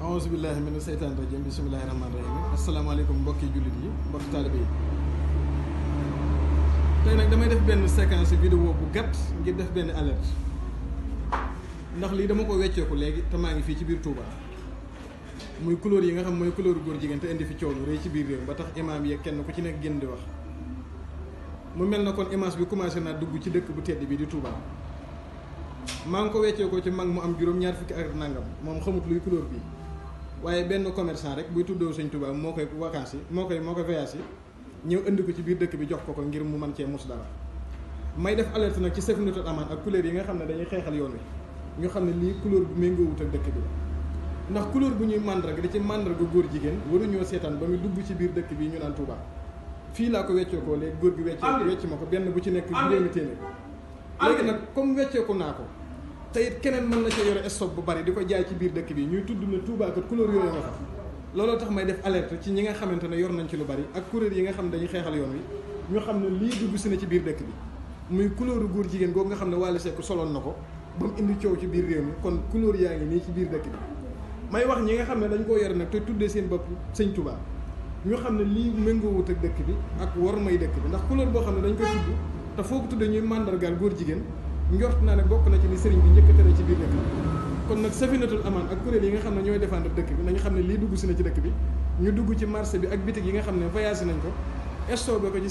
auzu billahi mina seytaani rajim bismillahi rahmaani rahim asalaamaaleykum mbokki jullit yi mbokki taalibe yi tey nag damay def benn séquence vidéo bu gàtt ngir def benn alerte ndax lii dama ko wecceeku léegi te ngi fii ci biir tuubaa muy couleur yi nga xam mooy couleur góor jigéen te indi fi coow lu ci biir réew ba tax imaam yeeg kenn ku ci nekk génn di wax mu mel na kon image bi commencé naa dugg ci dëkk bu tedd bii di Touba maa ngi ko weccee ci mag mu am juróom fukki ak nangam moom xamut luy waaye benn commercant rek buy tuddoo sëñ Tuubaa moo koy vacances yi moo koy moo koy voyage yi ñëw indi ko ci biir dëkk bi jox ko ko ngir mu man cee mus dal may def alerte nag ci sécurité amaan ak couleur yi nga xam ne dañuy xeexal yoon wi ñu xam ne lii couleur bu méngoowut ak dëkk bi ndax couleur bu ñuy màndarga di ci màndarga góor jigéen waruñoo seetaan ba muy dugg ci biir dëkk bi ñu naan Tuubaa fii laa ko weccoo ko góor gi weccoo wecc ma ko benn bu ci nekk juróomi téeméer léegi nag comme weccoo naa ko tey it keneen mën na ca yore stock bu bari di ko jaay ci biir dëkk bi ñuy tudd na Touba kat couleur yooyu nga tax may def alerte ci ñi nga xamante ne yor nañ ci lu bari ak kuréel yi nga xam ne dañuy xeexal yoon wi ñu xam ne lii dugg si na ci biir dëkk bi muy couleur góor jigéen googu nga xam ne Wally Seck soloon na ko ba mu indi coow ci biir réew mi kon couleur yaa ngi nii ci biir dëkk bi may wax ñi nga xam ne dañ ko yore nag te tuddee seen bopp sëñ Touba ñu xam ne lii méngoowut ak dëkk bi ak war may dëkk bi ndax couleur boo xam ne dañ ko tudd te foo ko tuddee góor jigéen njort naa ne bokk na ci li sëriñ bi njëkk a tere ci biir dëkk kon nag safinatul amaan ak kuréel yi nga xam ne ñooy défendre dëkk bi nañu xam ne lii dugg si na ci dëkk bi ñu dugg ci marché bi ak bitig yi nga xam ne voyagé nañ ko stocké ko ci